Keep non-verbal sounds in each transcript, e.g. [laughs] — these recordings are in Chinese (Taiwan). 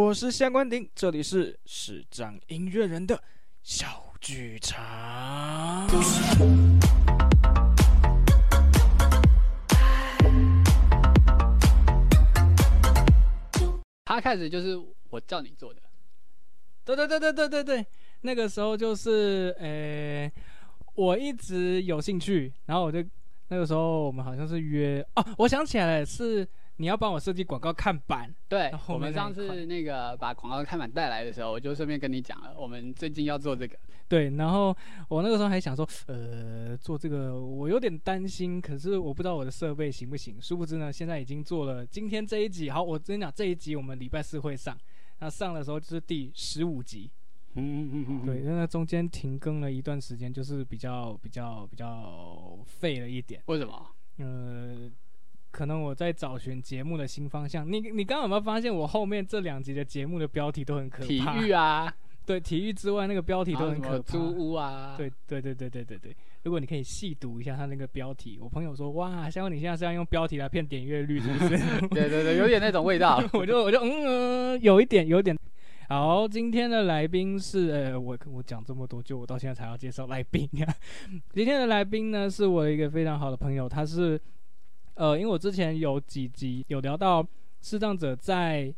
我是夏關鼎，這裡是視障音樂人的小劇場。他開始就是我叫你做的，對對對對對對對，那個時候就是，呃、欸，我一直有興趣，然後我就那個時候我們好像是約，哦、啊，我想起來了是。你要幫我設計廣告看板？對，我們，我們上次那個把廣告看板帶來的時候， [laughs] 我就順便跟你講了，我們最近要做這個。對，然後我那個時候還想說，呃，做這個我有點擔心，可是我不知道我的設備行不行。殊不知呢，現在已經做了今天這一集。好，我跟你講，這一集我們禮拜四會上，那上的時候就是第十五集。嗯嗯嗯，嗯，對，因為中間停更了一段時間，就是比較比較比較廢了一點。為什麼？嗯、呃。可能我在找尋節目的新方向。你你剛剛有沒有發現，我後面這兩集的節目的標題都很可怕。體育啊，對，體育之外那個標題都很可怕。租屋啊，對對對對對對對、對。如果你可以細讀一下他那個標題，我朋友說哇，像你現在是要用標題來騙點閱率，是不是？’不 [laughs] 對對對，有點那種味道。 [laughs] 我就我就嗯、呃，有一點，有點。好，今天的來賓是、呃，我跟我講這麼多，就我到現在才要介紹來賓、啊。今天的來賓呢，是我一個非常好的朋友，他是。呃，因為我之前有幾集有聊到視障者在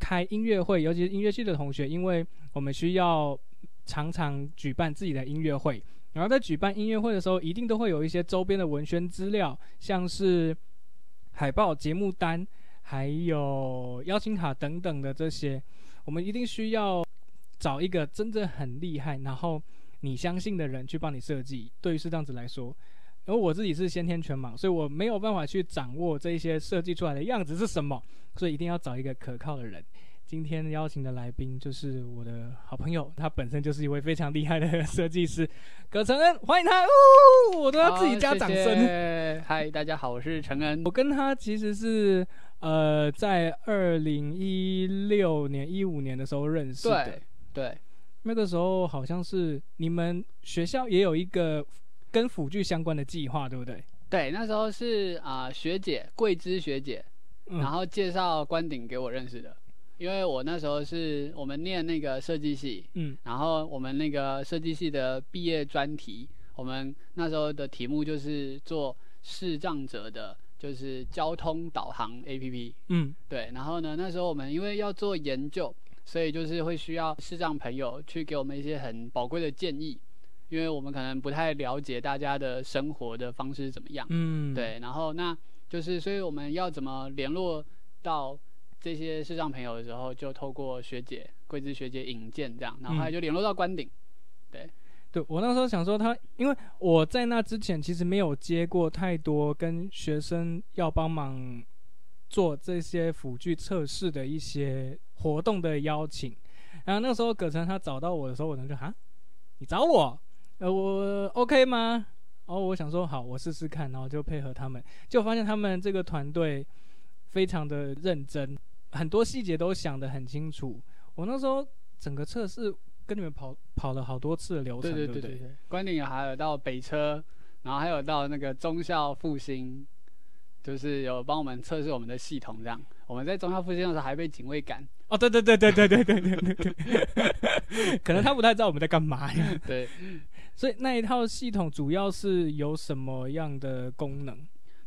開音樂會，尤其是音樂系的同學，因為我們需要常常舉辦自己的音樂會，然後在舉辦音樂會的時候，一定都會有一些周邊的文宣資料，像是海報、節目單、還有邀請卡等等的這些，我們一定需要找一個真的很厲害，然後你相信的人去幫你設計。對於視障者來說。而我自己是先天全盲，所以我沒有辦法去掌握這些設計出來的樣子是什麼，所以一定要找一個可靠的人。今天邀請的來賓就是我的好朋友，他本身就是一位非常厲害的設計師，葛承恩，歡迎他！哦，我都要自己家掌聲。嗨，謝謝 [laughs] Hi, 大家好，我是承恩。我跟他其實是呃，在二零一六年一五年的時候認識的。對，對那個時候好像是你們學校也有一個。跟輔具相關的計劃，對不對？對，那時候是啊，呃，學姐桂枝學姐，嗯，然後介紹關鼎給我認識的。因為我那時候是我們念那個設計系，嗯，然後我們那個設計系的畢業專題，我們那時候的題目就是做視障者的，就是交通導航 APP。嗯，對。然後呢，那時候我們因為要做研究，所以就是會需要視障朋友去給我們一些很寶貴的建議。因為我們可能不太了解大家的生活的方式是怎麼樣，嗯，對，然後那就是，所以我們要怎麼聯絡到這些視障朋友的時候，就透過學姐、桂枝學姐引薦這樣，然後後來就聯絡到關頂。嗯、對，對我那時候想說他，因為我在那之前其實沒有接過太多跟學生要幫忙做這些輔具測試的一些活動的邀請，然後那個時候葛承他找到我的時候我，我呢就啊，你找我？呃，我 OK 嗎？然後，oh，我想說好，我試試看，然後就配合他們，就發現他們這個團隊非常的認真，很多細節都想得很清楚。我那時候整個測試跟你們跑跑了好多次的流程，對對對對對，關嶺還有到北車，然後還有到那個忠孝復興，就是有幫我們測試我們的系統這樣。我們在忠孝復興的時候還被警衛趕，哦，對對對對對對對對對,對， [laughs] [laughs] 可能他不太知道我們在幹嘛呀， [laughs] 對。所以那一套系統主要是有什麼樣的功能？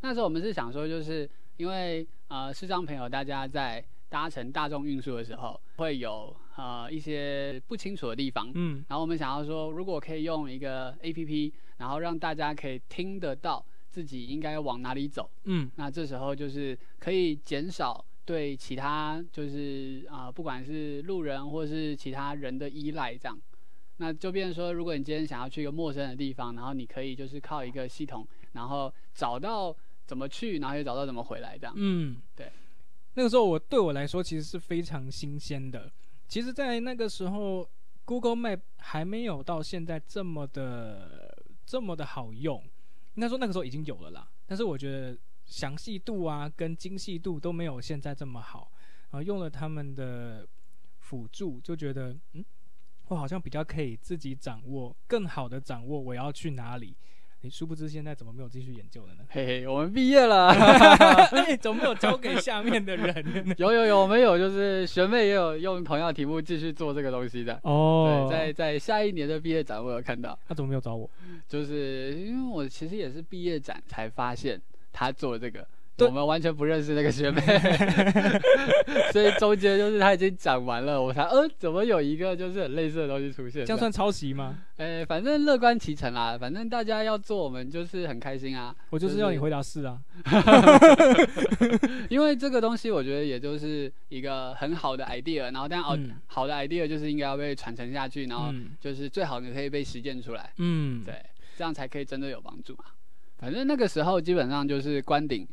那時候我們是想說，就是因為呃，視障朋友大家在搭乘大眾運輸的時候，會有呃一些不清楚的地方，嗯，然後我們想要說，如果可以用一個 APP，然後讓大家可以聽得到自己應該往哪裡走，嗯，那這時候就是可以減少對其他就是啊、呃，不管是路人或是其他人的依賴這樣。那就變成說，如果你今天想要去一個陌生的地方，然後你可以就是靠一個系統，然後找到怎麼去，然後又找到怎麼回來這樣。嗯，對。那個時候我對我來說其實是非常新鮮的。其實，在那個時候，Google Map 還沒有到現在這麼的這麼的好用，應該說那個時候已經有了啦。但是我覺得詳細度啊跟精細度都沒有現在這麼好。然後用了他們的輔助，就覺得嗯。我、哦、好像比較可以自己掌握，更好的掌握我要去哪裡。你殊不知現在怎麼沒有繼續研究了呢？嘿嘿，我們畢業了，怎麼 [laughs] [laughs] 沒有交給下面的人。 [laughs] 有有有，沒有就是學妹也有用同樣的題目繼續做這個東西的哦。Oh. 對，在在下一年的畢業展我有看到。他怎麼沒有找我？就是因為我其實也是畢業展才發現他做這個。對 我們完全不認識那個學妹， [laughs] [laughs] 所以中間就是他已經講完了，我才呃，怎麼有一個就是很類似的東西出現？啊、這樣算抄襲嗎？哎、欸，反正樂觀其成啦，啊，反正大家要做，我們就是很開心啊。我就是要你回答是啊，因為這個東西我覺得也就是一個很好的 idea，然後但哦，嗯、好的 idea 就是應該要被傳承下去，然後就是最好你可以被實踐出來，嗯，對，這樣才可以真的有幫助嘛。反正那個時候基本上就是關頂。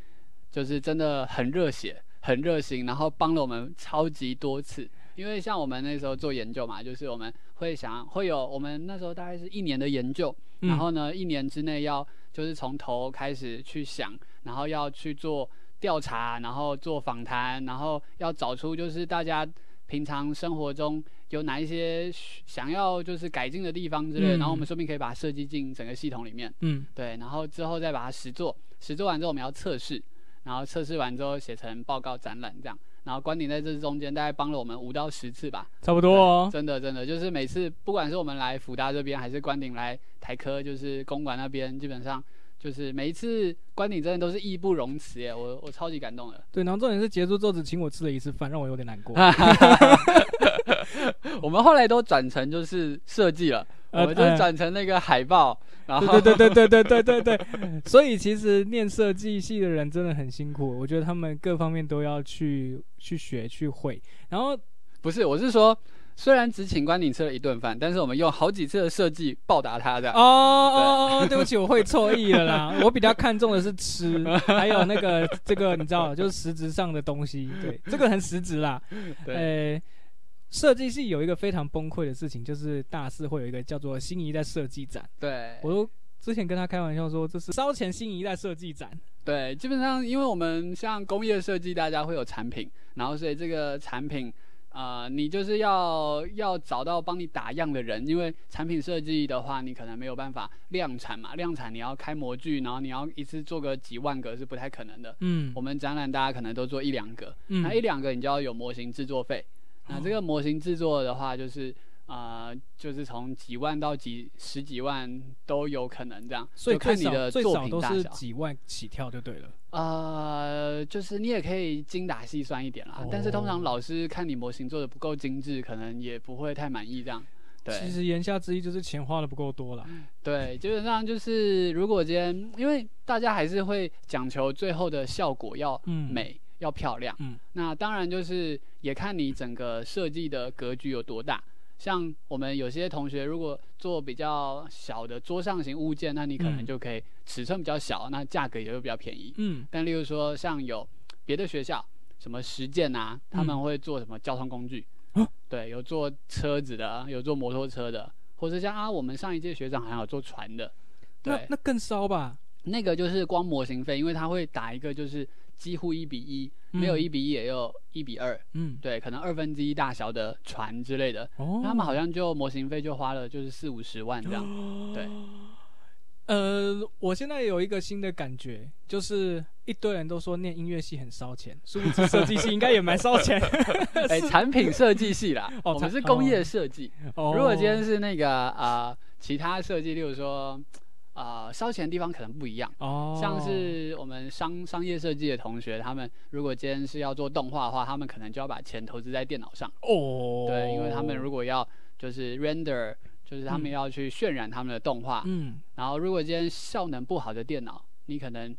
就是真的很熱血、很熱心，然後幫了我們超級多次。因為像我們那時候做研究嘛，就是我們會想會有我們那時候大概是一年的研究，然後呢，嗯、一年之內要就是從頭開始去想，然後要去做調查，然後做訪談，然後要找出就是大家平常生活中有哪一些想要就是改進的地方之類的，然後我們說不定可以把它設計進整個系統裡面。嗯，對，然後之後再把它實做，實做完之後我們要測試。然後測試完之後寫成報告、展覽這樣，然後關頂在這中間大概幫了我們五到十次吧，差不多哦，哦。真的真的就是每次不管是我們來輔大這邊還是關頂來台科，就是公館那邊基本上。就是每一次觀點真的都是義不容辭耶！我我超級感動的。對，然後重點是結束作者請我吃了一次飯，讓我有點難過。 [laughs] [laughs] [laughs] 我們後來都轉成就是設計了，我們就轉成那個海報。呃、然後對對對對對對對對，對， [laughs] 所以其實念設計系的人真的很辛苦，我覺得他們各方面都要去去學去會。然後不是，我是說。雖然只請關景吃了一頓飯，但是我們用好幾次的設計報答他的。哦哦哦，對不起，我會錯意了啦。 [laughs] 我比較看重的是吃，還有那個這個，你知道，就是實質上的東西。對，這個很實質啦。對。欸、設計系有一個非常崩潰的事情，就是大四會有一個叫做新一代設計展。對。我都之前跟他開玩笑說，這是燒錢新一代設計展。對，基本上因為我們像工業設計，大家會有產品，然後所以這個產品。呃，你就是要要找到幫你打樣的人，因為產品設計的話，你可能沒有辦法量產嘛。量產你要開模具，然後你要一次做個幾萬個是不太可能的。嗯，我們展覽大家可能都做一兩個，嗯、那一兩個你就要有模型制作費。嗯、那這個模型制作的話，就是呃，就是啊，就是從幾萬到幾十幾萬都有可能這樣。所以最少，就看你的作品大小。最少都是幾萬起跳就對了。呃，就是你也可以精打細算一點啦，oh. 但是通常老師看你模型做的不夠精致，可能也不會太滿意這樣。對，其實言下之意就是錢花的不夠多啦。對，基本上就是如果今天，因為大家還是會講求最後的效果要美、嗯、要漂亮。嗯。那當然就是也看你整個設計的格局有多大。像我們有些同學，如果做比較小的桌上型物件，那你可能就可以尺寸比較小，嗯、那價格也會比較便宜。嗯。但例如說，像有別的學校什麼實踐吶、啊，他們會做什麼交通工具？嗯、對，有坐車子的，有坐摩托車的，或者像啊，我們上一屆學長還有坐船的。對，那，那更燒吧？那個就是光模型費，因為他會打一個就是。幾乎一比一，沒有一比一也有一比二，嗯，對，可能二分之一大小的船之類的，哦、他們好像就模型費就花了就是四五十萬這樣，對。呃，我現在有一個新的感覺，就是一堆人都說念音樂系很燒錢，所以設計系應該也蠻燒錢，哎，產品設計系啦， [laughs] 哦，是工業設計。哦、如果今天是那個啊、呃，其他設計，例如說。啊，燒錢的地方可能不一樣。Oh. 像是我們商商業設計的同學，他們如果今天是要做動畫的話，他們可能就要把錢投資在電腦上。哦。Oh. 對，因為他們如果要就是 render，就是他們要去渲染他們的動畫。嗯。然後如果今天效能不好的電腦，你可能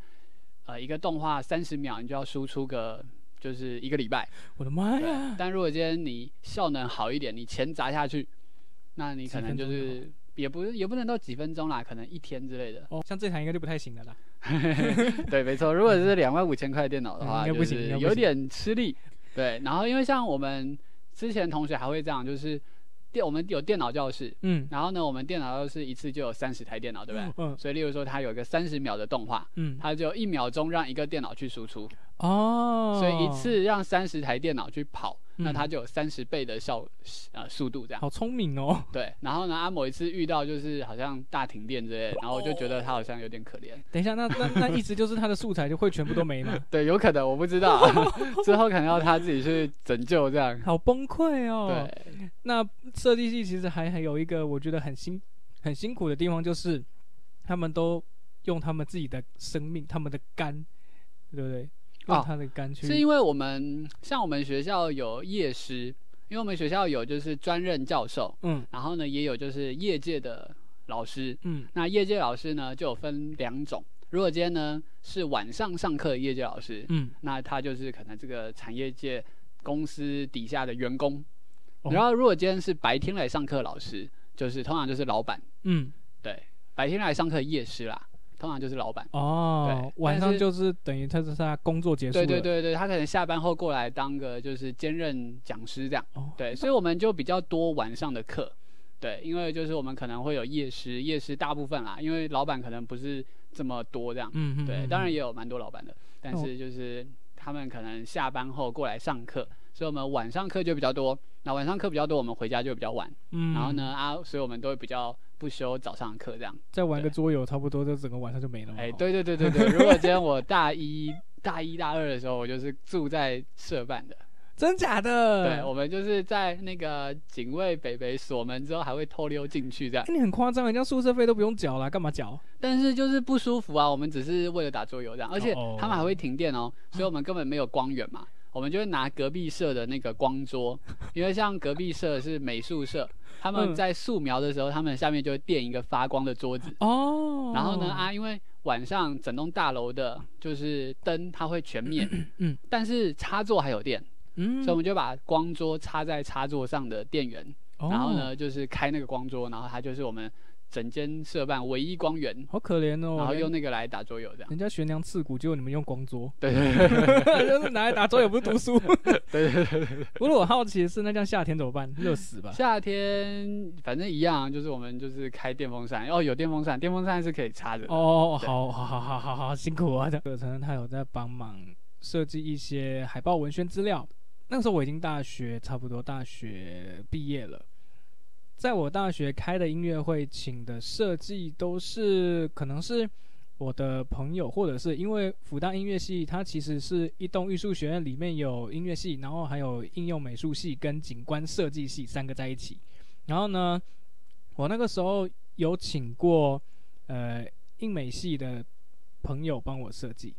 呃一個動畫三十秒，你就要輸出個就是一個禮拜。我的媽呀！但如果今天你效能好一點，你錢砸下去，那你可能就是。也不也不能到幾分鐘啦，可能一天之類的。哦，像這台應該就不太行了啦。 [laughs] 對，沒錯。如果是兩萬五千塊的電腦的話，嗯、就是有點吃力。嗯、對，然後因為像我們之前同學還會這樣，就是電我們有電腦教室，嗯，然後呢，我們電腦教室一次就有三十台電腦，對不對？嗯、所以，例如說，它有個三十秒的動畫，嗯，它就一秒鐘讓一個電腦去輸出，哦，所以一次讓三十台電腦去跑。嗯、那他就有三十倍的效啊、呃、速度這樣。好聰明哦。對，然後呢，阿某一次遇到就是好像大停電之類的，然後我就覺得他好像有點可憐。等一下，那那那意思就是他的素材就會全部都沒了。 [laughs] 對，有可能，我不知道，之 [laughs] 後可能要他自己去拯救這樣。好崩潰哦。對。那設計系其實還還有一個我覺得很辛很辛苦的地方，就是他們都用他們自己的生命，他們的肝，對不對？哦，是因為我們像我們學校，有夜師，因為我們學校有就是專任教授，嗯，然後呢，也有就是業界的老師，嗯，那業界老師呢就有分兩種，如果今天呢是晚上上課的業界老師，嗯，那他就是可能這個產業界公司底下的員工，然後如果今天是白天來上課的老師，就是通常就是老闆，嗯，對，白天來上課的夜師啦。通常就是老板哦，oh, 對，晚上就是等於他是他工作結束對對對對，他可能下班後過來當個就是兼任講師這樣，oh. 對，所以我們就比較多晚上的課，對，因為就是我們可能會有夜師，夜師大部分啦，因為老板可能不是這麼多這樣，嗯哼嗯哼，對，當然也有蠻多老板的，但是就是他們可能下班後過來上課，oh. 所以我們晚上課就比較多，那晚上課比較多，我們回家就比較晚，嗯，然後呢啊，所以我們都會比較。不修早上的課，這樣再玩個桌遊，對差不多就整個晚上就沒了。哎、欸，對對對對對！ [laughs] 如果今天我大一大一大二的時候，我就是住在社辦的，真假的？對，我們就是在那個警衛北北鎖門之後，還會偷溜進去這樣。欸、你很誇張，人家宿舍費都不用繳啦，幹嘛繳？但是就是不舒服啊，我們只是為了打桌遊這樣，而且他們還會停電、喔、哦，哦，所以我們根本沒有光源嘛。我們就會拿隔壁社的那個光桌，因為像隔壁社是美術社， [laughs] 他們在素描的時候，他們下面就會墊一個發光的桌子哦。然後呢啊，因為晚上整棟大樓的就是燈它會全滅，嗯，但是插座還有電，嗯，所以我們就把光桌插在插座上的電源，哦、然後呢就是開那個光桌，然後它就是我們。整間社辦唯一光源，好可憐哦。然後用那個來打桌遊這樣。人家懸梁刺股，結果你們用光桌。對，對， [laughs] 就是拿來打桌遊不是讀書。 [laughs] 對對對，對。不過我好奇的是，那像夏天怎麼辦？熱死吧。夏天反正一樣，就是我們就是開電風扇。哦，有電風扇，電風扇是可以插的。哦，好好對好好好好，辛苦啊！這，的，承恩他有在幫忙設計一些海報、文宣資料。那時候我已經大學，差不多大學畢業了。在我大學開的音樂會，請的設計都是可能是我的朋友，或者是因為輔大音樂系，它其實是一棟藝術學院裡面有音樂系，然後還有應用美術系跟景觀設計系三個在一起。然後呢，我那個時候有請過呃應美系的朋友幫我設計，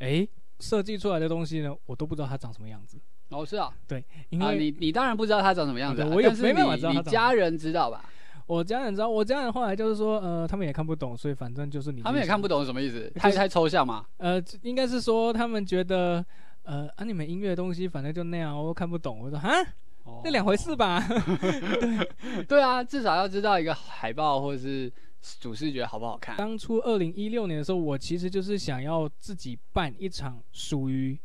哎、欸，設計出來的東西呢，我都不知道它長什麼樣子。老師啊，哦哦，對，啊、呃，你你當然不知道他長什麼樣子，啊，我也沒辦法知道。你你家人知道吧？我家人知道，我家人後來就是說，呃，他們也看不懂，所以反正就是你。他們也看不懂什麼意思？就太太抽象嘛？呃，應該是說他們覺得，呃，啊，你們音樂的東西反正就那樣，我都看不懂。我說，哈，那兩回事吧。哦， [laughs] 對 [laughs] 對啊，至少要知道一個海報或者是主視覺好不好看。當初二零一六年的時候，我其實就是想要自己辦一場屬於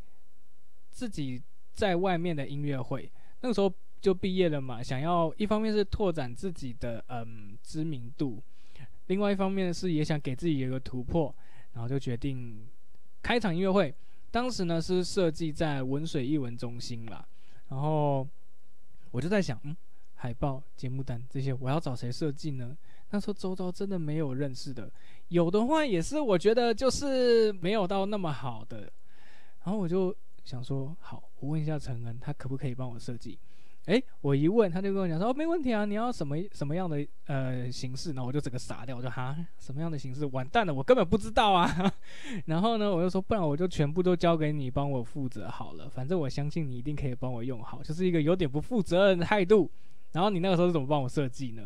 自己。在外面的音樂會，那個時候就畢業了嘛，想要一方面是拓展自己的嗯知名度，另外一方面是也想給自己一個突破，然後就決定開場音樂會。當時呢是設計在文水藝文中心啦，然後我就在想，嗯，海報、節目單這些我要找誰設計呢？那時候周遭真的沒有認識的，有的話也是我覺得就是沒有到那麼好的，然後我就想說好，我問一下承恩，他可不可以幫我設計？誒、欸，我一問他就跟我講說、哦，沒問題啊，你要什麼什麼樣的呃形式？呢我就整個傻掉，我就哈，什麼樣的形式？完蛋了，我根本不知道啊！ [laughs] 然後呢，我就說，不然我就全部都交給你幫我負責好了，反正我相信你一定可以幫我用好，就是一個有點不負責任的態度。然後你那個時候是怎麼幫我設計呢？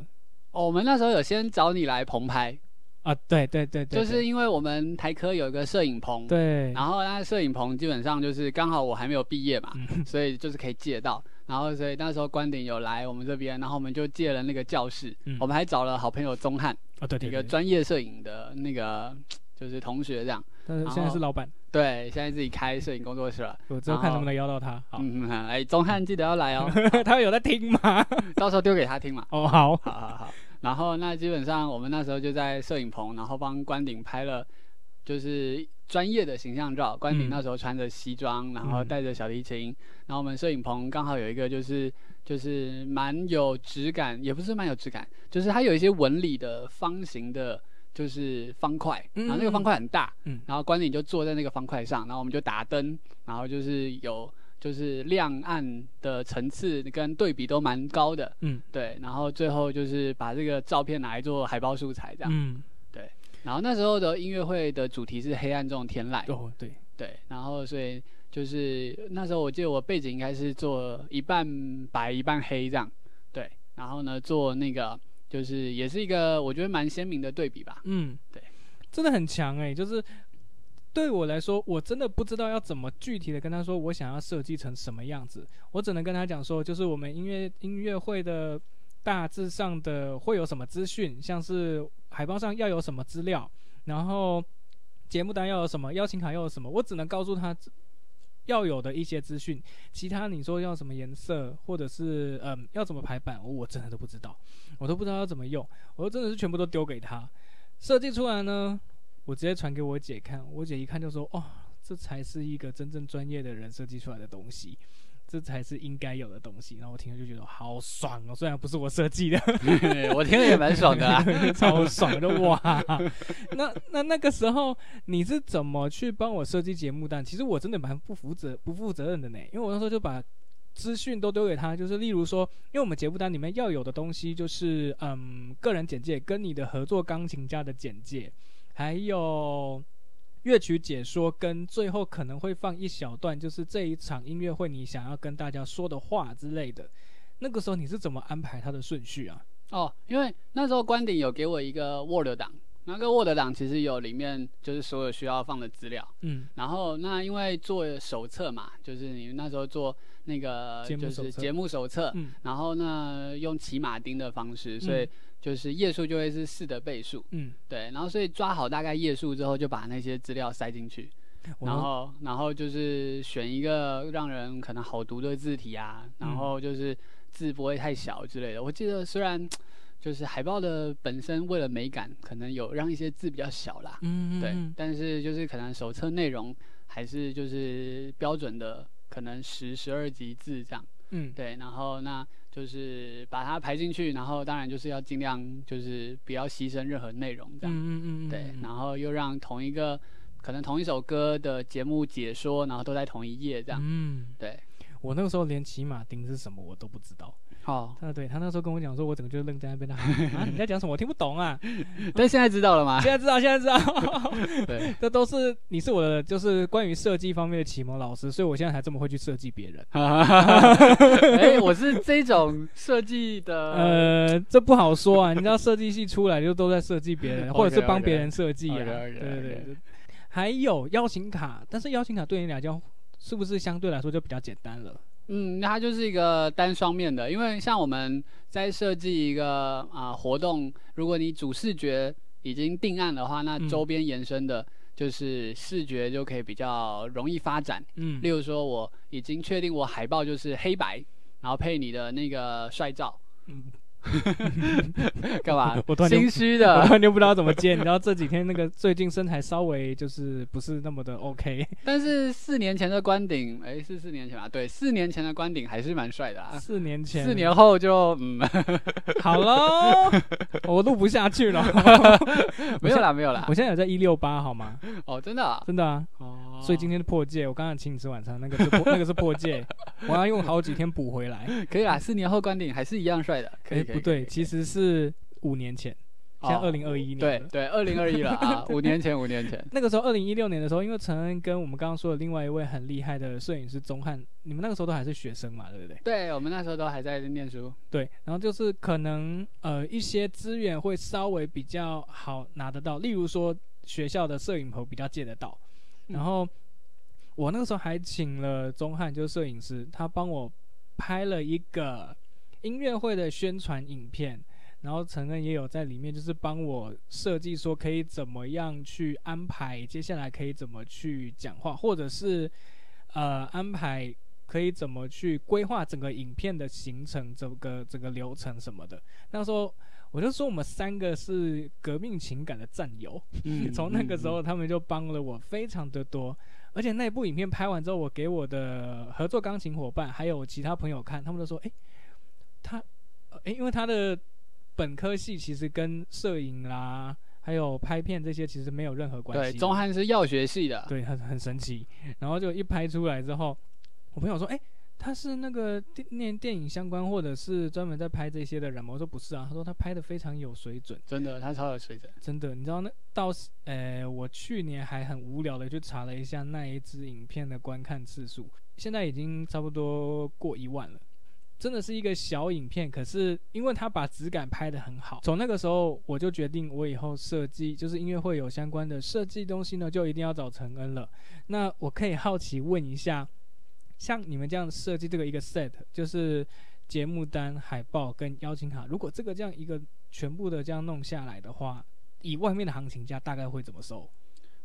哦，我們那時候有先找你來棚拍。啊，對對對，就是因為我們台科有一個攝影棚，對，然後那攝影棚基本上就是剛好我還沒有畢業嘛，所以就是可以借到，然後所以那時候觀點有來我們這邊，然後我們就借了那個教室，我們還找了好朋友鍾漢，啊對對，一個專業攝影的那個就是同學這樣，但是現在是老闆，對，現在自己開攝影工作室了，我只有看能不能邀到他，嗯，哎，鍾漢記得要來哦！他有在聽嗎？到時候丟給他聽嘛，哦，好，好，好，好。然後那基本上我們那時候就在攝影棚，然後幫關頂拍了，就是專業的形象照。關頂那時候穿着西裝，嗯、然後帶着小提琴。嗯、然後我們攝影棚剛好有一個就是就是蠻有質感，也不是蠻有質感，就是它有一些紋理的方形的，就是方塊。嗯、然後那個方塊很大，嗯、然後關頂就坐在那個方塊上，然後我們就打燈，然後就是有。就是亮暗的層次跟對比都蠻高的，嗯，對。然後最後就是把這個照片拿來做海報素材這樣，嗯，對。然後那時候的音樂會的主題是黑暗中的天籟，哦，對，對。然後所以就是那時候我記得我背景應該是做一半白一半黑這樣，對。然後呢，做那個就是也是一個我覺得蠻鮮明的對比吧，嗯，對。真的很強欸，就是。對我來說，我真的不知道要怎麼具體的跟他說我想要設計成什麼樣子。我只能跟他講說，就是我們音樂音樂會的大致上的會有什麼資訊，像是海報上要有什麼資料，然後節目單要有什麼，邀請卡要有什麼。我只能告訴他要有的一些資訊，其他你說要什麼顏色，或者是嗯，呃，要怎麼排版，我真的都不知道，我都不知道要怎麼用，我真的是全部都丟給他設計出來呢。我直接傳給我姐看，我姐一看就說：“哦，這才是一個真正專業的人設計出來的東西，這才是應該有的東西。”然後我聽了就覺得好爽哦，雖然不是我設計的，嗯、我聽了也蠻爽的、啊，超爽的哇！ [laughs] 那那那個時候你是怎麼去幫我設計節目單？其實我真的蠻不負責不負責任的呢，因為我那時候就把資訊都丟給他，就是例如說，因為我們節目單裡面要有的東西就是嗯，個人簡介跟你的合作鋼琴家的簡介。還有樂曲解說，跟最後可能會放一小段，就是這一場音樂會你想要跟大家說的話之類的。那個時候你是怎麼安排它的順序啊？哦，因為那時候觀點有給我一個 Word 檔，那個 Word 檔其實有裡面就是所有需要放的資料。嗯，然後那因為做手冊嘛，就是你那時候做那個就是節目手冊，嗯、然後那用騎馬釘的方式，所以、嗯。就是頁數就會是四的倍數，嗯，對，然後所以抓好大概頁數之後，就把那些資料塞進去，哇然後然後就是選一個讓人可能好讀的字體啊，然後就是字不會太小之類的。我記得雖然就是海報的本身為了美感，可能有讓一些字比較小啦，嗯哼哼，對，但是就是可能手冊內容還是就是標準的，可能十、十二級字這樣，嗯，對，然後那。就是把它排進去，然後當然就是要盡量就是不要犧牲任何內容這樣，嗯嗯嗯嗯對，然後又讓同一個可能同一首歌的節目解說，然後都在同一頁這樣，嗯、對，我那個時候連騎馬釘是什麼我都不知道。好，呃，oh. 對他那時候跟我講說，我整個就愣在那邊了。啊， [laughs] 啊、你在講什麼？我聽不懂啊。 [laughs] 但現在知道了嗎？ [laughs] 現在知道，現在知道。 [laughs] [laughs] 對， [laughs] 這都是你是我的。就是關於設計方面的啟蒙老師，所以我現在才這麼會去設計別人。哎，我是這種設計的， [laughs] 呃，這不好說啊。你知道設計系出來就都在設計別人，或者是幫別人設計啊。Okay, okay. 對對對。 [laughs] 還有邀請卡，但是邀請卡對你來講，是不是相對來說就比較簡單了？嗯，那它就是一個單雙面的，因為像我們在設計一個啊、呃、活動，如果你主視覺已經定案的話，那周邊延伸的就是視覺就可以比較容易發展。嗯，例如說我已經確定我海報就是黑白，然後配你的那個帥照。嗯。幹 [laughs] 嘛？我，我突然心虛的，又不知道怎麼接。你知道這幾天那個最近身材稍微就是不是那麼的 OK。但是四年前的關頂，哎、欸，是四年前吧？對，四年前的關頂還是蠻帥的啊。四年前，四年後就嗯，好嘍囉， [laughs] 我錄不下去了。好好 [laughs] 沒有啦，沒有啦，我現在有在一六八，好嗎？哦，真的，真的啊。哦、啊，oh. 所以今天的破戒，我剛剛請你吃晚餐，那個是破 [laughs] 那個是破戒，我要用好幾天補回來。可以啦，四年後關頂還是一樣帥的，可以，可以。不對，其實是五年前，像二零二一年。哦，對對，二零二一了、 [laughs] 啊，五年前，五年前。那個時候，二零一六年的時候，因為承恩跟我們剛剛說的另外一位很厲害的攝影師鍾漢，你們那個時候都還是學生嘛，對不對？對，我們那時候都還在念書。對，然後就是可能呃一些資源會稍微比較好拿得到，例如說學校的攝影棚比較借得到，然後、嗯、我那個時候還請了鍾漢就是攝影師，他幫我拍了一個。音樂會的宣傳影片，然後承恩也有在裡面，就是幫我設計說可以怎麼樣去安排，接下來可以怎麼去講話，或者是呃安排可以怎麼去規劃整個影片的行程，整個整個流程什麼的。那時候我就說我們三個是革命情感的戰友，嗯、 [laughs] 從那個時候他們就幫了我非常的多，而且那部影片拍完之後，我給我的合作鋼琴夥伴還有其他朋友看，他們都說誒。他、欸，因為他的本科系其實跟攝影啦，還有拍片這些其實沒有任何關係。對，鍾漢是藥學系的，對，他很神奇。然後就一拍出來之後，我朋友說，欸、他是那個念電、電影相關，或者是專門在拍這些的人嗎？我說不是啊，他說他拍的非常有水準。真的，他超有水準，真的。你知道那到，呃、欸，我去年還很無聊的去查了一下那一支影片的觀看次數，現在已經差不多過一萬了。真的是一個小影片，可是因為他把質感拍得很好，從那個時候我就決定我以後設計，就是音樂會有相關的設計東西呢，就一定要找承恩了。那我可以好奇問一下，像你們這樣設計這個一個 set，就是節目單、海報跟邀請卡，如果這個這樣一個全部的這樣弄下來的話，以外面的行情價大概會怎麼收？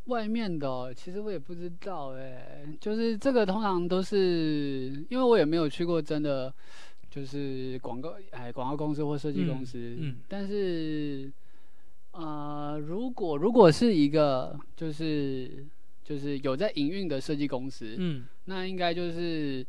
外面的，哦、其實我也不知道誒，就是這個通常都是因為我也沒有去過，真的就是廣告哎，廣告公司或設計公司，嗯嗯，但是啊，呃，如果如果是一個就是就是有在營運的設計公司，嗯、那應該就是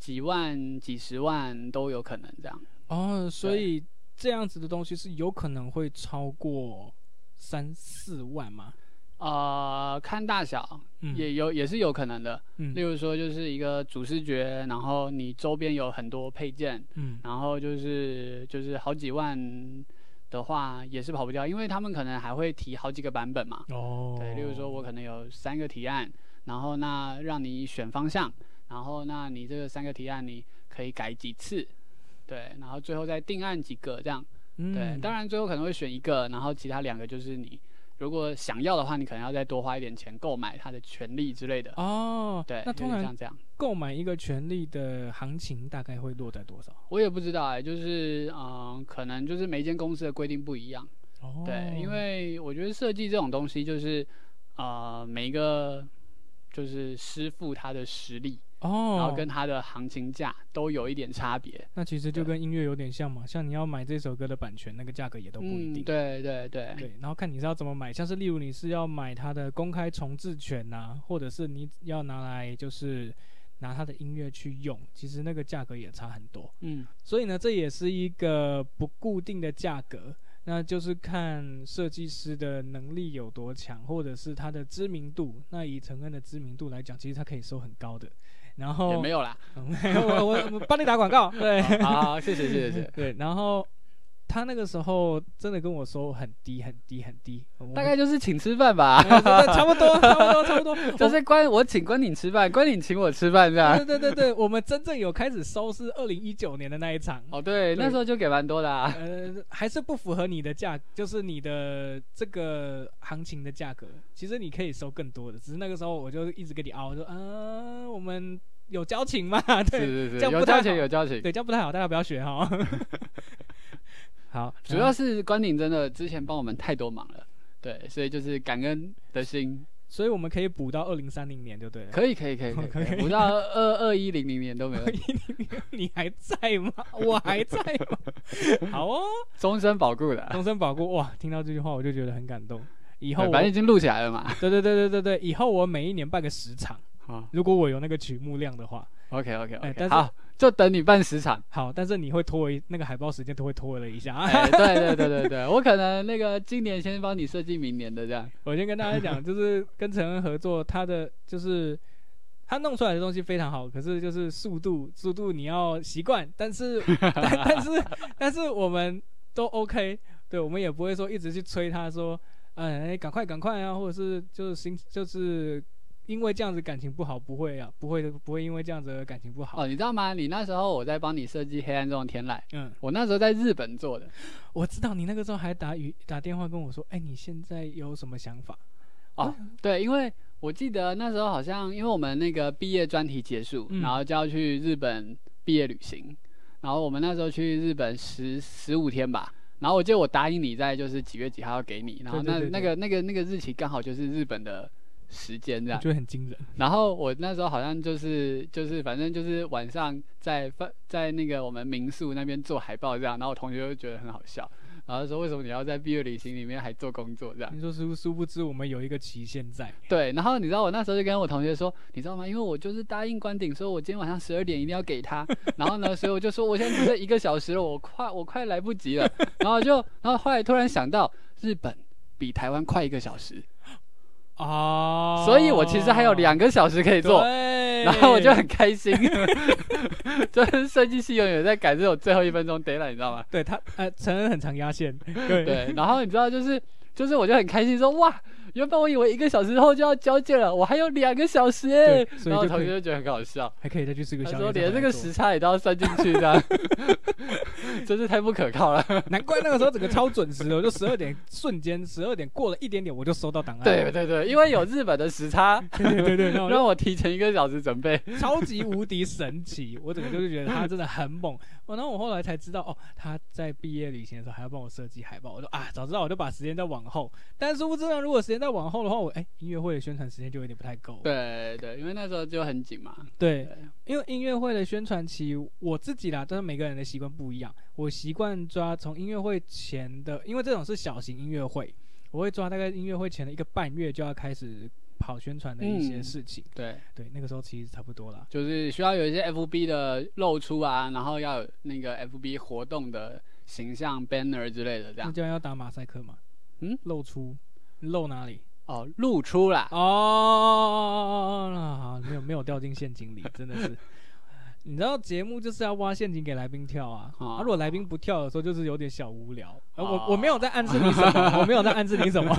幾萬、幾十萬都有可能這樣哦，所以對這樣子的東西是有可能會超過三四萬嗎？呃，看大小，也有也是有可能的。嗯、例如說，就是一個主視覺，然後你周邊有很多配件，嗯、然後就是就是好幾萬的話也是跑不掉，因為他們可能還會提好幾個版本嘛。哦、對，例如說我可能有三個提案，然後那讓你選方向，然後那你這個三個提案你可以改幾次，對，然後最後再定案幾個這樣。嗯、對，當然最後可能會選一個，然後其他兩個就是你。如果想要的話，你可能要再多花一點錢購買他的權利之類的哦。對，那通常像這樣購買一個權利的行情大概會落在多少？我也不知道哎、欸，就是嗯、呃，可能就是每一間公司的規定不一樣。哦，對，因為我覺得設計這種東西就是啊、呃，每一個就是師傅他的實力，哦，然後跟它的行情價都有一點差別、哦。那其實就跟音樂有點像嘛，對像你要買這首歌的版權，那個價格也都不一定。嗯、對對對對，然後看你是要怎麼買，像是例如你是要買它的公開重製權吶、啊，或者是你要拿來就是拿它的音樂去用，其實那個價格也差很多。嗯，所以呢，這也是一個不固定的價格，那就是看設計師的能力有多強，或者是他的知名度。那以承恩的知名度來講，其實它可以收很高的。然後也沒有啦， [laughs] 我我我幫你打廣告， [laughs] 對，好，好，謝謝謝謝謝，謝謝對，然後。他那個時候真的跟我說很低很低很低，大概就是請吃飯吧， [laughs] 差不多差不多差不多。這 [laughs] 是關我請關你吃飯，關你請我吃飯這樣。對對對對，我們真正有開始收是二零一九年的那一場。哦對，對那時候就給蠻多的、啊。呃，還是不符合你的價，就是你的這個行情的價格，其實你可以收更多的，只是那個時候我就一直給你凹，說嗯、啊，我們有交情嘛。對是是是，有交情有交情，對，這樣不太好，大家不要學哈。 [laughs] 好主要是關鼎真的之前幫我們太多忙了，對，所以就是感恩的心，所以我們可以補到二零三零年就對了，對不對？可以，可以，可以，可以補 [laughs] 到二二一零零年都沒有， [laughs] 你還在嗎？我還在嗎？好哦，終身保固的、啊，終身保固。哇，聽到這句話我就覺得很感動，以後反正已經錄起來了嘛。 [laughs] 對對對對對對，以後我每一年辦個十場。啊，如果我有那個曲目量的話，OK OK OK、欸、但是好，就等你辦時場。好，但是你會拖一那個海報時間都會拖了一下。對、 [laughs] 欸、對對對對，我可能那個今年先幫你設計明年的這樣。我先跟大家講，就是跟承恩合作，他的就是他弄出來的東西非常好，可是就是速度速度你要習慣，但是 [laughs] 但，但是但是我們都 OK，對我們也不會說一直去催他說，哎、呃、哎，趕、欸、快趕快啊，或者是就是新就是。因為這樣子感情不好，不會啊，不會不會因為這樣子的感情不好、啊、哦。你知道嗎？你那時候我在幫你設計黑暗中的天籟，嗯，我那時候在日本做的。我知道你那個時候還打語打電話跟我說，哎、欸，你現在有什麼想法？哦，欸、對，因為我記得那時候好像因為我們那個畢業專題結束，然後就要去日本畢業旅行，嗯、然後我們那時候去日本十十五天吧，然後我記得我答應你在就是幾月幾號要給你，然後那對對對對對那個那個那個日期剛好就是日本的。時間這樣就很驚人。然後我那時候好像就是就是反正就是晚上在在那個我們民宿那邊做海報這樣，然後我同學就覺得很好笑，然後說，為什麼你要在畢業旅行裡面還做工作這樣？你說殊殊不知我們有一個極限在。對，然後你知道我那時候就跟我同學說，你知道嗎？因為我就是答應關頂說我今天晚上十二點一定要給他，然後呢，所以我就說我現在只剩一個小時了，我快我快來不及了。然後就然後後來突然想到日本比台灣快一個小時。哦，oh, 所以我其實還有兩個小時可以做，對然後我就很開心。 [laughs] [laughs] 就是設計師永遠在趕這種最後一分鐘 Deadline，你知道嗎？對他，呃，承恩很常壓線，對,對，然後你知道就是就是，我就很開心說哇。原本我以為一個小時後就要交卷了，我還有兩個小時，所以以然後同學就覺得很搞笑。還可以再去睡個。他說連這個時差也都要算進去這樣 [laughs] [laughs] 真是太不可靠了。難怪那個時候整個超準時的，我就十二點瞬間，十二點過了一點點我就收到檔案。對對對，因為有日本的時差，對對，讓我提前一個小時準備， [laughs] 超級無敵神奇，我整個就是覺得他真的很猛、 [laughs] 哦。然後我後來才知道，哦，他在畢業旅行的時候還要幫我設計海報。我說啊，早知道我就把時間再往後。但殊不知如果時間再再往後的話我，我、欸、哎，音樂會的宣傳時間就有點不太夠。對對，因為那時候就很緊嘛。對，對因為音樂會的宣傳期，我自己啦，但是每個人的習慣不一樣。我習慣抓從音樂會前的，因為這種是小型音樂會，我會抓大概音樂會前的一個半月就要開始跑宣傳的一些事情。嗯、對對，那個時候其實差不多了，就是需要有一些 FB 的露出啊，然後要有那個 FB 活動的形象 banner 之類的，這樣。那就要打馬賽克嗎？嗯，露出。露哪裡？哦，oh, 露出了哦、oh, 啊，好，沒有沒有掉進陷阱裡，真的是。你知道節目就是要挖陷阱給來賓跳啊，oh, 啊，如果來賓不跳的時候，就是有點小無聊。啊、我我沒有在暗示你什麼，我沒有在暗示你什麼。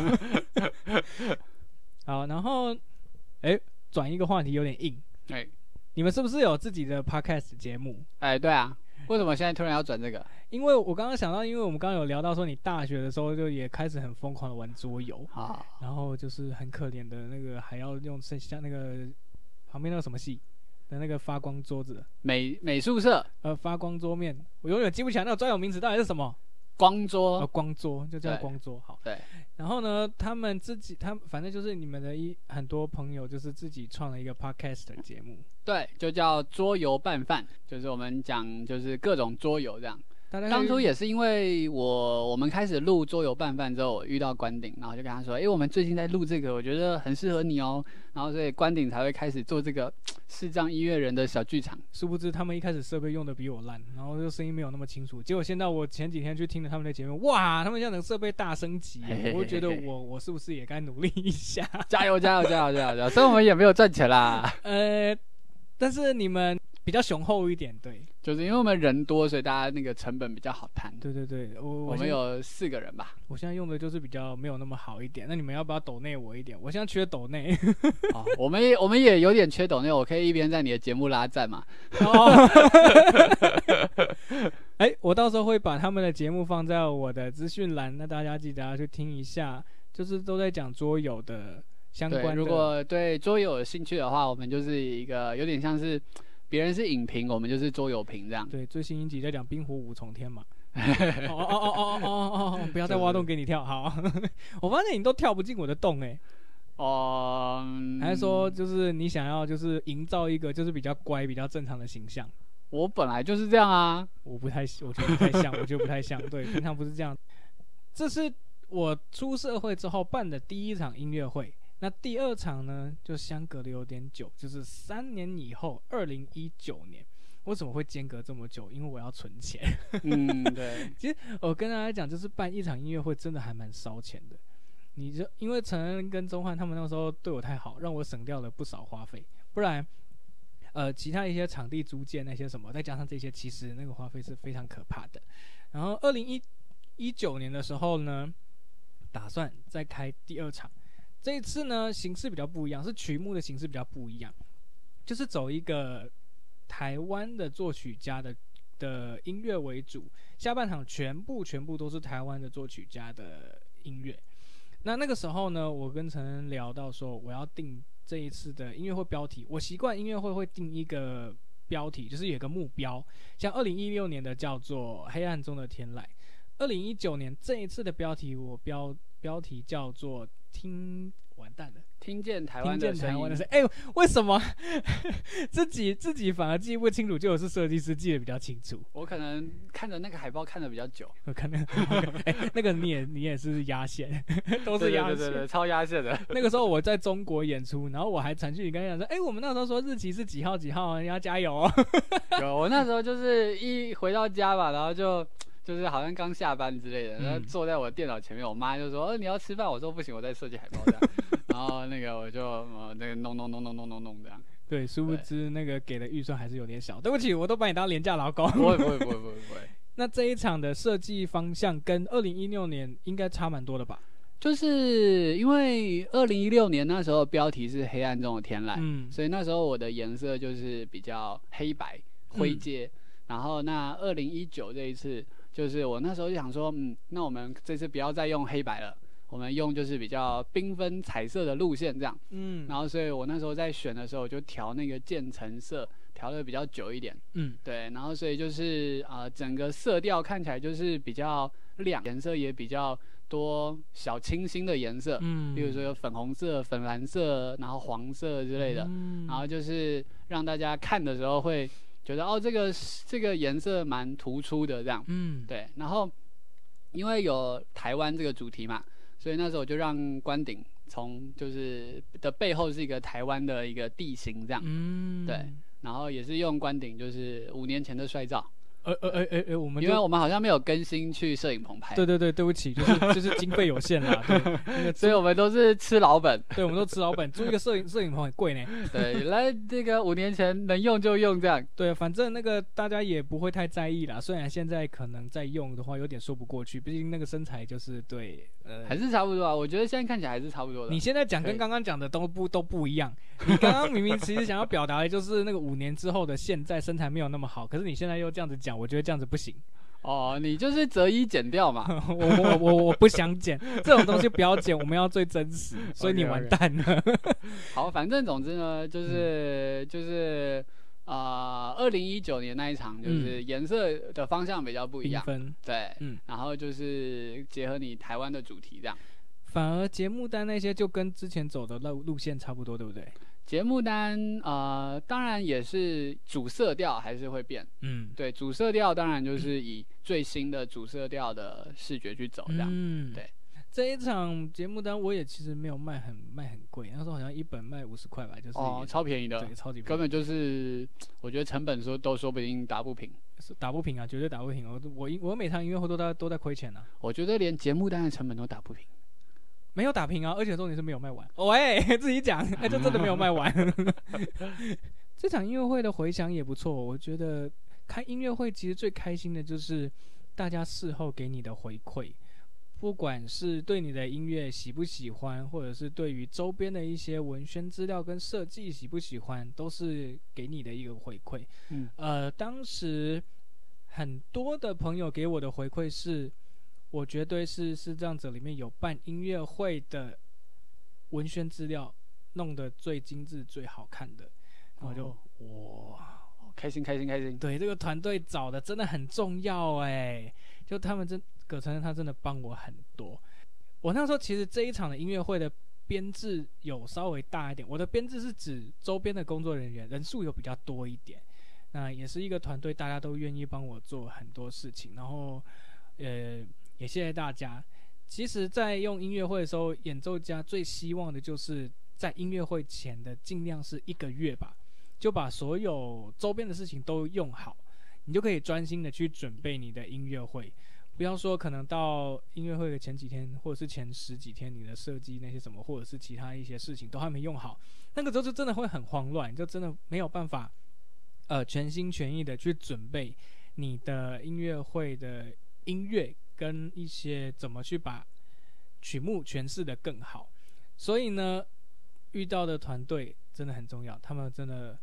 好，然後，哎，轉一個話題有點硬。哎、欸，你們是不是有自己的 podcast 節目？哎、欸，對啊。為什麼現在突然要轉這個？因為我剛剛想到，因為我們剛剛有聊到說，你大學的時候就也開始很瘋狂的玩桌遊啊，然後就是很可憐的那個還要用剩下那個旁邊那個什麼系的那個發光桌子，美、美術社，呃發光桌面，我永遠記不起來那個專有名詞到底是什麼。光桌，哦、光桌就叫光桌，對好。對。然後呢，他們自己，他反正就是你們的一很多朋友，就是自己創了一個 podcast 的節目。對，就叫桌遊拌飯，就是我們講，就是各種桌遊這樣。當初也是因為我我們開始錄桌遊拌飯之後，我遇到關頂，然後就跟他說：“哎、欸，我們最近在錄這個，我覺得很適合你哦、喔。”然後所以關頂才會開始做這個視障音樂人的小劇場。殊不知他們一開始設備用得比我爛，然後這個聲音沒有那麼清楚。結果現在我前幾天去聽了他們的節目，哇，他們現在的設備大升級，嘿嘿嘿嘿，我覺得我我是不是也該努力一下？嘿嘿嘿加油加油加油加油加油！所以我們也沒有賺錢啦，呃，但是你們。比較雄厚一點，對，就是因為我們人多，所以大家那個成本比較好談。對對對，我我們有四個人吧。我現在用的就是比較沒有那麼好一點。那你們要不要抖內我一點？我現在缺抖內。好、 [laughs] 哦，我們我們也有點缺抖內，我可以一邊在你的節目拉贊嘛。哎，我到時候會把他們的節目放在我的資訊欄，那大家記得要去聽一下，就是都在講桌遊的相關的。對，如果對桌遊有興趣的話，我們就是一個有點像是。別人是影評，我們就是桌遊評這樣。對，最新一集在講冰湖五重天嘛。哦哦哦哦哦哦！不要再挖洞給你跳，就是 好。 [laughs] 我發現你都跳不進我的洞誒、欸、哦。Um, 還是說就是你想要就是營造一個就是比較乖比較正常的形象？我本來就是這樣啊。我不太，我覺得不太像，我覺得不太像。 [laughs] 對，平常不是這樣。這是我出社會之後辦的第一場音樂會。那第二場呢，就相隔的有點久，就是三年以後，二零一九年。為什麼會間隔這麼久？因為我要存錢。 [laughs] 嗯，對。其實我跟大家講，就是辦一場音樂會真的還蠻燒錢的。你就因為承恩跟鍾漢他們那時候對我太好，讓我省掉了不少花費。不然，呃，其他一些場地租借那些什麼，再加上這些，其實那個花費是非常可怕的。然後二零一一九年的時候呢，打算再開第二場。這一次呢，形式比較不一樣，是曲目的形式比較不一樣，就是走一個台灣的作曲家的的音樂為主。下半場全部全部都是台灣的作曲家的音樂。那那個時候呢，我跟承恩聊到說，我要定這一次的音樂會標題。我習慣音樂會會定一個標題，就是有一個目標。像二零一六年的叫做《黑暗中的天籟》，二零一九年這一次的標題我標標題叫做。聽完蛋了，聽見台灣的，聽見台灣的聲音，哎、欸、為什麼自己自己反而記不清楚，就是設計師記得比較清楚。我可能看着那個海報看得比較久，我可能，哎，那個你也你也是壓線，都是壓線。對對對對，超壓線的。那個時候我在中國演出，然後我還傳訊你剛才講說，哎、欸，我們那時候說日期是幾號幾號，啊，你要加油哦。有。我那時候就是一回到家吧，然後就。就是好像剛下班之類的，然後、嗯、坐在我的電腦前面，我媽就說：“哦，你要吃飯？”我說：“不行，我在設計海報。” [laughs] 然後那個我就那個弄弄弄弄弄弄弄這樣。對，殊不知那個給的預算還是有點小。對，對不起，我都把你當廉價勞工。不會不會不會不會不會。 [laughs] 那這一場的設計方向跟二零一六年應該差蠻多的吧？就是因為二零一六年那時候標題是《黑暗中的天籟》，嗯，所以那時候我的顏色就是比較黑白灰階。嗯、然後那二零一九這一次，就是我那時候就想說，嗯，那我們這次不要再用黑白了，我們用就是比較繽紛彩色的路線這樣，嗯，然後所以我那時候在選的時候就調那個漸層色，調的比較久一點，嗯，對，然後所以就是啊、呃，整個色調看起來就是比較亮，顏色也比較多小清新的顏色，嗯，比如說有粉紅色、粉藍色，然後黃色之類的，嗯，然後就是讓大家看的時候會。覺得哦，這個這個顏色蠻突出的，這樣，嗯，對。然後因為有台灣這個主題嘛，所以那時候我就讓關頂從就是的背後是一個台灣的一個地形這樣，嗯，對。然後也是用關頂就是五年前的帥照。呃呃呃呃我們因為我們好像沒有更新去攝影棚拍。對對對，對不起，就是就是經費有限啦，所以我們都是吃老本。對，我們都吃老本， [laughs] 租一個攝影攝影棚很貴呢。對，來這個五年前能用就用這樣。對，反正那個大家也不會太在意啦。雖然現在可能在用的話有點說不過去，畢竟那個身材就是對，呃，還是差不多啊。我覺得現在看起來還是差不多的。你現在講跟剛剛講的都不，對都不一樣。你剛剛明明其實想要表達的就是那個五年之後的現在身材沒有那麼好，可是你現在又這樣子講。我覺得這樣子不行，哦，你就是擇一剪掉嘛， [laughs] 我我我我不想剪 [laughs] 這種東西不要剪。我們要最真實， [laughs] 所以你完蛋了。 [laughs] 好，反正總之呢，就是、嗯、就是啊，二零一九年那一場，就是顏色的方向比較不一樣，嗯、對，嗯、然後就是結合你台灣的主題這樣，反而節目單那些就跟之前走的路路線差不多，對不對？節目單啊、呃，當然也是主色調還是會變，嗯，對，主色調當然就是以最新的主色調的視覺去走這樣，嗯、對。這一場節目單我也其實沒有賣很賣很貴，那時候好像一本賣五十塊吧，就是、哦、超便宜的，對，超級根本就是，我覺得成本說都說不定打不平，打不平啊，絕對打不平，哦，我我我每場音樂會都在都在虧錢呢，啊。我覺得連節目單的成本都打不平。沒有打平啊，而且重點是沒有賣完。餵、oh, 哎，自己講，哎，就真的沒有賣完。 [laughs] [laughs] 這場音樂會的回響也不錯，我覺得開音樂會其實最開心的就是大家事後給你的回饋，不管是對你的音樂喜不喜歡，或者是對於周邊的一些文宣資料跟設計喜不喜歡，都是給你的一個回饋。嗯、呃，當時很多的朋友給我的回饋是，我絕對是是這樣子，裡面有辦音樂會的文宣資料，弄得最精緻、最好看的，然後我就哇、哦哦哦，開心、開心、開心！對，這個團隊找的真的很重要哎，就他們真，葛承恩他真的幫我很多。我那時候其實這一場的音樂會的編制有稍微大一點，我的編制是指周邊的工作人員人數有比較多一點，那也是一個團隊，大家都願意幫我做很多事情，然後，呃。也謝謝大家。其實，在用音樂會的時候，演奏家最希望的就是在音樂會前的儘量是一個月吧，就把所有周邊的事情都用好，你就可以專心的去準備你的音樂會。不要說可能到音樂會的前幾天，或者是前十幾天，你的設計那些什麼，或者是其他一些事情都還沒用好，那個時候就真的會很慌亂，就真的沒有辦法，呃，全心全意的去準備你的音樂會的音樂。跟一些怎麼去把曲目詮釋得更好，所以呢，遇到的團隊真的很重要，他們真的，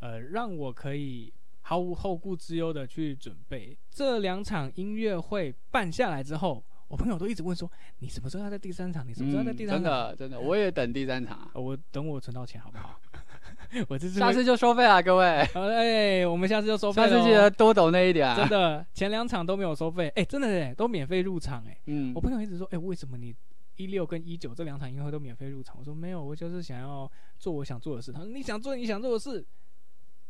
呃，讓我可以毫無後顧之憂的去準備這兩場音樂會。辦下來之後，我朋友都一直問說，你什麼時候要在第三場？你什麼時候要在第三場？我我好好，嗯。真的真的，我也等第三場，我等我存到錢好不好，嗯？我這次下次就收費了，各位。哎、呃欸，我們下次就收費了。下次記得多抖那一點、啊。真的，前兩場都沒有收費，哎、欸，真的，都免費入場哎。嗯、我朋友一直說，哎、欸，為什麼你一六跟一九這兩場音樂會都免費入場？我說沒有，我就是想要做我想做的事。他說你想做你想做的事，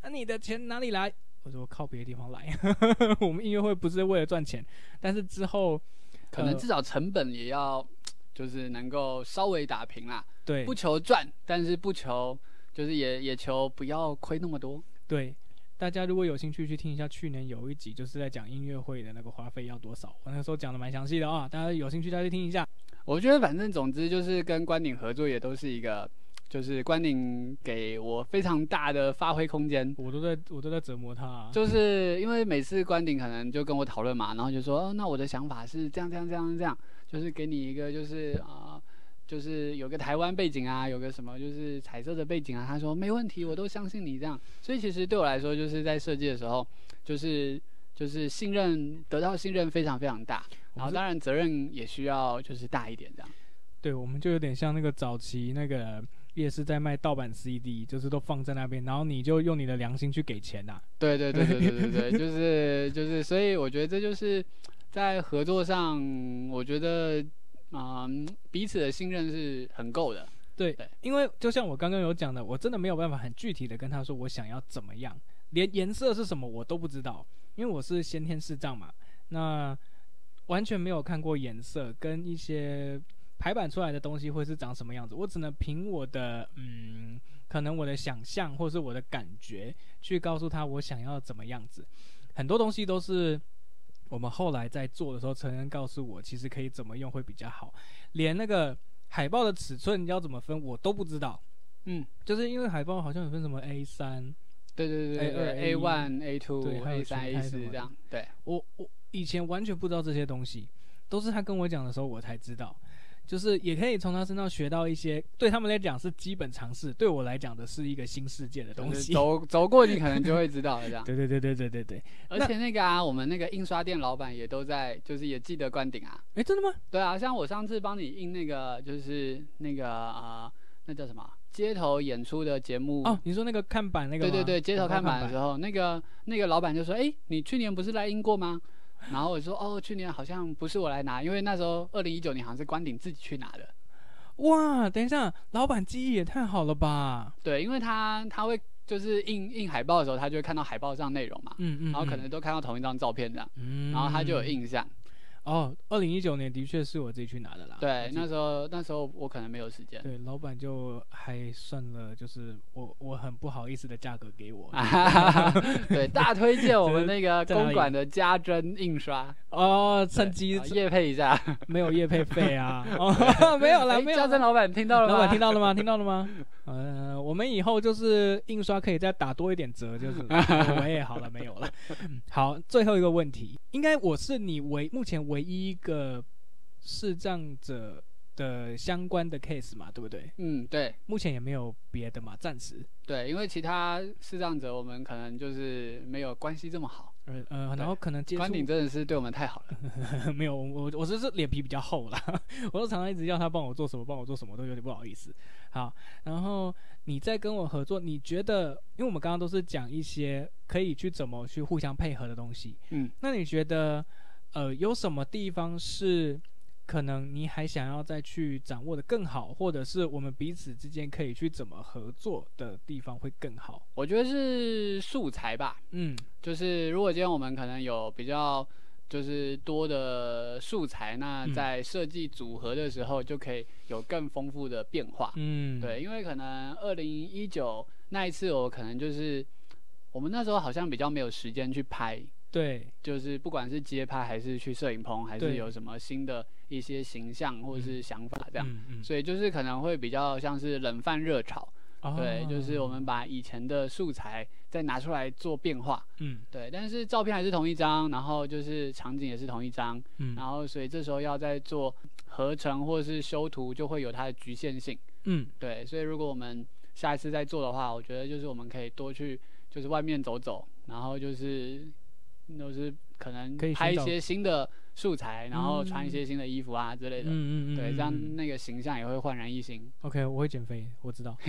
那、啊、你的錢哪裡來？我說靠別的地方來。 [laughs] 我們音樂會不是為了賺錢，但是之後、呃、可能至少成本也要就是能夠稍微打平啦。對，不求賺，但是不求。就是也也求不要虧那麼多。對，大家如果有興趣去聽一下，去年有一集就是在講音樂會的那個花費要多少，我那時候講的蠻詳細的啊，大家有興趣再去聽一下。我覺得反正總之就是跟關頂合作也都是一個，就是關頂給我非常大的發揮空間。我都在我都在折磨他啊，就是因為每次關頂可能就跟我討論嘛，然後就說哦，那我的想法是這樣這樣這樣這樣，就是給你一個就是啊。呃就是有個台灣背景啊，有個什麼就是彩色的背景啊，他說沒問題，我都相信你這樣。所以其實對我來說，就是在設計的時候，就是就是信任得到信任非常非常大。然後當然責任也需要就是大一點這樣。對，我們就有點像那個早期那個夜市在賣盜版 CD，就是都放在那邊，然後你就用你的良心去給錢吶、啊。對，對對對對對對，就是 [laughs] 就是，就是、所以我覺得這就是在合作上，我覺得。嗯，彼此的信任是很夠的。對，對。因為就像我剛剛有講的，我真的沒有辦法很具體的跟他說我想要怎麼樣，連顏色是什麼我都不知道，因為我是先天視障嘛，那完全沒有看過顏色跟一些排版出來的東西會是長什麼樣子，我只能憑我的嗯，可能我的想象或是我的感覺去告訴他我想要怎麼樣子，很多東西都是。我們後來在做的時候，承恩告訴我，其實可以怎麼用會比較好，連那個海報的尺寸要怎麼分，我都不知道。嗯，就是因為海報好像有分什麼 A 三，對對對，對，A 二、A one、A two、A 三、A 四這樣。對，我我以前完全不知道這些東西，都是他跟我講的時候，我才知道。就是也可以從他身上學到一些對他們來講是基本常識，對我來講的是一個新世界的東西。走走過你可能就會知道了，這樣。 [laughs] 對，對對對對對對對。而且那個啊，那我們那個印刷店老板也都在，就是也記得關頂啊。哎、欸，真的嗎？對啊，像我上次幫你印那個，就是那個啊、呃，那叫什麼？街頭演出的節目。哦，你說那個看板那個。對對對，街頭看板的時候，好好那個那個老板就說：“哎、欸，你去年不是來印過嗎？”然後我說哦，去年好像不是我來拿，因為那時候二零一九年好像是關頂自己去拿的。哇，等一下，老闆記憶也太好了吧？對，因為他他會就是印印海報的時候，他就會看到海報上內容嘛，嗯，嗯，嗯，然後可能都看到同一張照片這樣，嗯，然後他就有印象。嗯嗯哦，二零一九年的確是我自己去拿的啦。對，那時候那時候我可能沒有時間。對，老闆就還算了，就是我我很不好意思的價格給我。 [laughs] [laughs] [laughs] 對，大推薦我們那個公館的家珍印刷。哦，趁機業配一下，沒有業配費啊。沒有了啦，欸、沒有啦。家珍老闆聽到了嗎？老闆聽到了嗎？聽到了嗎？嗯。 [laughs] 我們以後就是印刷可以再打多一點折，就是 [laughs] [laughs] 我也好了沒有了、嗯。好，最後一個問題，應該我是你唯目前唯一一個視障者的相關的 case 嘛，對不對？嗯，對，目前也沒有別的嘛，暫時。對，因為其他視障者我們可能就是沒有關係這麼好。呃然後可能關頂真的是對我們太好了， [laughs] 沒有我我我就是臉皮比較厚了， [laughs] 我都常常一直叫他幫我做什麼幫我做什麼都有點不好意思。好，然後你在跟我合作，你覺得，因為我們剛剛都是講一些可以去怎麼去互相配合的東西，嗯，那你覺得，呃，有什麼地方是可能你還想要再去掌握得更好，或者是我們彼此之間可以去怎麼合作的地方會更好？我覺得是素材吧，嗯，就是如果今天我們可能有比較。就是多的素材，那在設計組合的時候就可以有更豐富的變化。嗯，對，因為可能二零一九那一次，我可能就是我們那時候好像比較沒有時間去拍，對，就是不管是街拍還是去攝影棚，還是有什麼新的一些形象或者是想法這樣，對所以就是可能會比較像是冷飯熱炒，哦、對，就是我們把以前的素材。再拿出來做變化，嗯，對，但是照片還是同一張，然後就是場景也是同一張，嗯，然後所以這時候要再做合成或者是修圖，就會有它的局限性，嗯，對，所以如果我們下一次再做的話，我覺得就是我們可以多去就是外面走走，然後就是都是可能拍一些新的素材，然後穿一些新的衣服啊、嗯、之類的。嗯嗯對，這樣那個形象也會煥然一新。OK，我會減肥，我知道。 [laughs]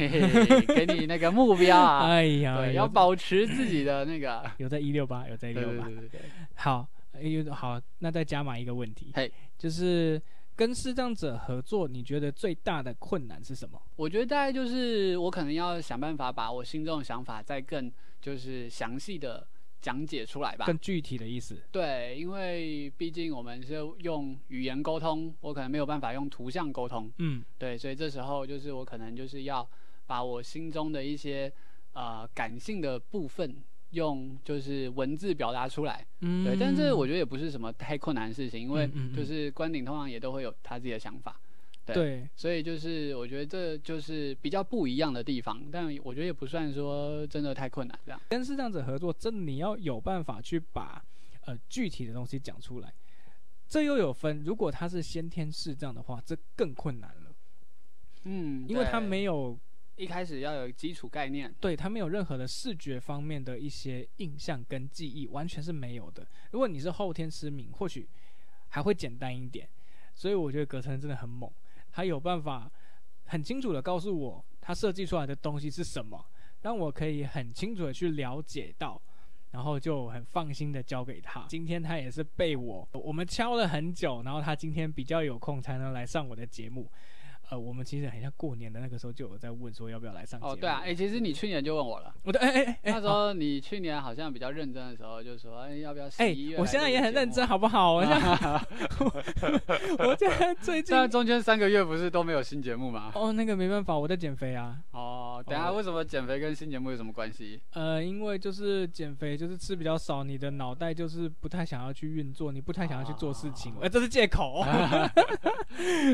給你那個目標啊！ [laughs] 哎呀，對，有要保持自己的那個。有在一六八，有在一六八。對對對對。好，那再加碼一個問題，hey, 就是跟視障者合作，你覺得最大的困難是什麼？我覺得大概就是我可能要想辦法把我心中的想法再更就是詳細的。講解出來吧，更具體的意思。對，因為畢竟我們是用語言溝通，我可能沒有辦法用圖像溝通。嗯，對，所以這時候就是我可能就是要把我心中的一些呃感性的部分用就是文字表達出來。嗯，對，但是我覺得也不是什麼太困難的事情，因為就是觀點通常也都會有他自己的想法。對，對所以就是我覺得這就是比較不一樣的地方，但我覺得也不算說真的太困難這樣。跟視障者合作，真的你要有辦法去把呃具體的東西講出來，這又有分。如果他是先天視障的話，這更困難了。嗯，因為他沒有一開始要有基礎概念，對，他沒有任何的視覺方面的一些印象跟記憶，完全是沒有的。如果你是後天失明，或許還會簡單一點。所以我覺得葛承真的很猛。他有辦法很清楚的告訴我，他設計出來的東西是什麼，讓我可以很清楚的去了解到，然後就很放心的交給他。今天他也是被我我們敲了很久，然後他今天比較有空才能來上我的節目。呃，我們其實好像過年的那個時候就有在問說要不要來上節目哦？對啊，哎，其實你去年就問我了，我的哎哎哎，說你去年好像比較認真的時候，就說，說要不要醫院。我現在也很認真，好不好？我我現在最近，但中間三個月不是都沒有新節目嗎？哦，那個沒辦法，我在減肥啊。哦，等下為什麼減肥跟新節目有什麼關係？呃，因為就是減肥就是吃比較少，你的腦袋就是不太想要去運作，你不太想要去做事情，哎，這是借口。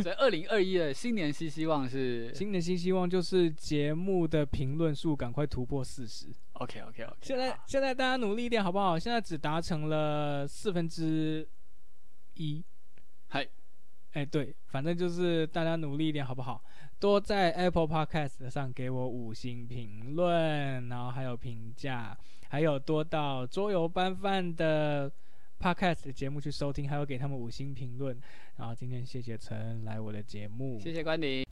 所以二零二一的新年。新希望是新年新希望，新新希望就是節目的評論數趕快突破四十。OK OK OK，現在好現在大家努力一點好不好？現在只達成了四分之一，嗨い，哎、欸、對，反正就是大家努力一點好不好？多在 Apple Podcast 上給我五星評論，然後還有評價，還有多到桌遊拌飯的。Podcast 的節目去收聽，還有給他們五星評論。然後今天謝謝承恩來我的節目，謝謝關你。